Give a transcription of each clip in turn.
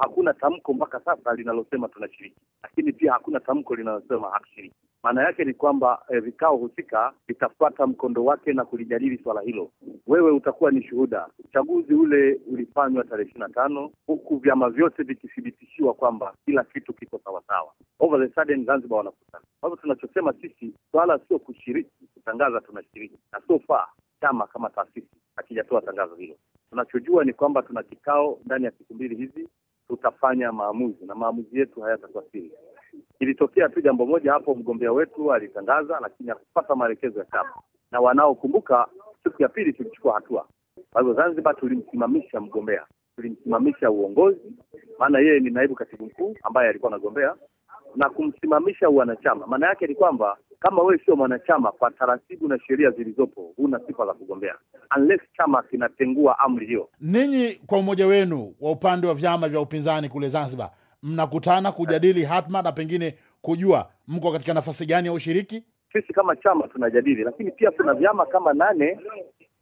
Hakuna tamko mpaka sasa linalosema tunashiriki, lakini pia hakuna tamko linalosema hatushiriki. Maana yake ni kwamba e, vikao husika vitafuata mkondo wake na kulijadili swala hilo. Wewe utakuwa ni shuhuda. Uchaguzi ule ulifanywa tarehe ishirini na tano huku vyama vyote vikithibitishiwa kwamba kila kitu kiko sawasawa. Over the sudden Zanzibar wanakutana. Kwa hivyo tunachosema sisi, swala sio kushiriki, kutangaza tunashiriki, na so far chama kama taasisi hakijatoa tangazo hilo. Tunachojua ni kwamba tuna kikao ndani ya siku mbili hizi tutafanya maamuzi na maamuzi yetu hayatakuwa siri. Ilitokea tu jambo moja hapo, mgombea wetu alitangaza, lakini hakupata maelekezo ya chama, na wanaokumbuka, siku ya pili tulichukua hatua. Kwa hivyo, Zanzibar tulimsimamisha mgombea, tulimsimamisha uongozi, maana yeye ni naibu katibu mkuu ambaye alikuwa anagombea, na kumsimamisha wanachama Maana yake ni kwamba kama wewe sio mwanachama, kwa taratibu na sheria zilizopo, huna sifa za kugombea unless chama kinatengua amri hiyo. Ninyi kwa umoja wenu wa upande wa vyama vya upinzani kule Zanzibar, mnakutana kujadili hatma na pengine kujua mko katika nafasi gani ya ushiriki? Sisi kama chama tunajadili, lakini pia kuna vyama kama nane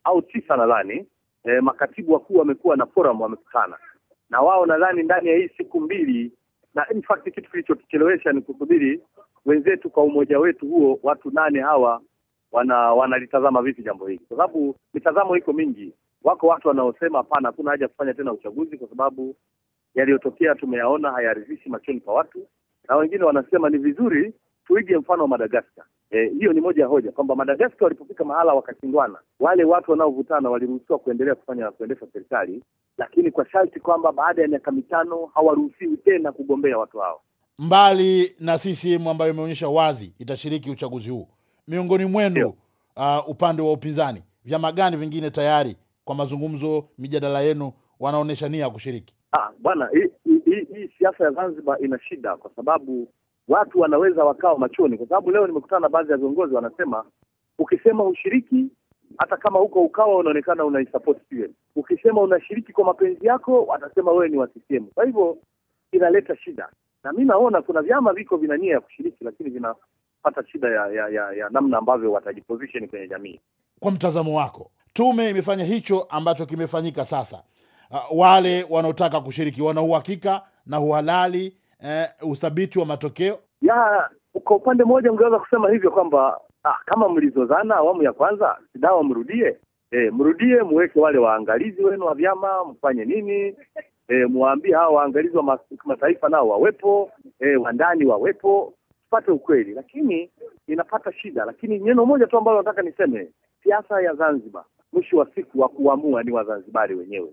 au tisa nadhani. E, makatibu wakuu wamekuwa na forum, wamekutana na wao nadhani ndani ya hii siku mbili, na in fact kitu kilichotuchelewesha ni kusubiri wenzetu kwa umoja wetu huo, watu nane hawa wana wanalitazama vipi jambo hili? Kwa sababu mitazamo iko mingi. Wako watu wanaosema hapana, hakuna haja kufanya tena uchaguzi kwa sababu yaliyotokea tumeyaona, hayaridhishi machoni pa watu, na wengine wanasema ni vizuri tuige mfano wa Madagaskar. Eh, hiyo ni moja ya hoja kwamba Madagaskar walipofika mahala wakashindwana, wale watu wanaovutana waliruhusiwa kuendelea kufanya kuendesha serikali, lakini kwa sharti kwamba baada ya miaka mitano hawaruhusiwi tena kugombea watu hao mbali na CCM ambayo imeonyesha wazi itashiriki uchaguzi huu, miongoni mwenu uh, upande wa upinzani, vyama gani vingine tayari kwa mazungumzo, mijadala yenu, wanaonyesha nia ya kushiriki? Ah, bwana, hii siasa ya Zanzibar ina shida, kwa sababu watu wanaweza wakawa machoni, kwa sababu leo nimekutana na baadhi ya viongozi wanasema, ukisema ushiriki hata kama huko ukawa unaonekana unaisupport CCM, ukisema unashiriki kwa mapenzi yako, watasema wewe ni wa CCM. Kwa hivyo inaleta shida na mi naona kuna vyama viko vina nia ya kushiriki, lakini vinapata shida ya, ya, ya, ya namna ambavyo watajiposition kwenye jamii. Kwa mtazamo wako, tume imefanya hicho ambacho kimefanyika sasa. Uh, wale wanaotaka kushiriki wana uhakika na uhalali uh, uthabiti wa matokeo ya. Kwa upande mmoja, mngeweza kusema hivyo kwamba ah, kama mlizozana awamu ya kwanza, sidawa mrudie. E, mrudie muweke wale waangalizi wenu wa vyama, mfanye nini e, muwaambie hawa waangalizi wa kimataifa nao wawepo, e, wandani wawepo, tupate ukweli, lakini inapata shida. Lakini neno moja tu ambalo nataka niseme, siasa ya Zanzibar mwisho wa siku wa kuamua ni Wazanzibari wenyewe.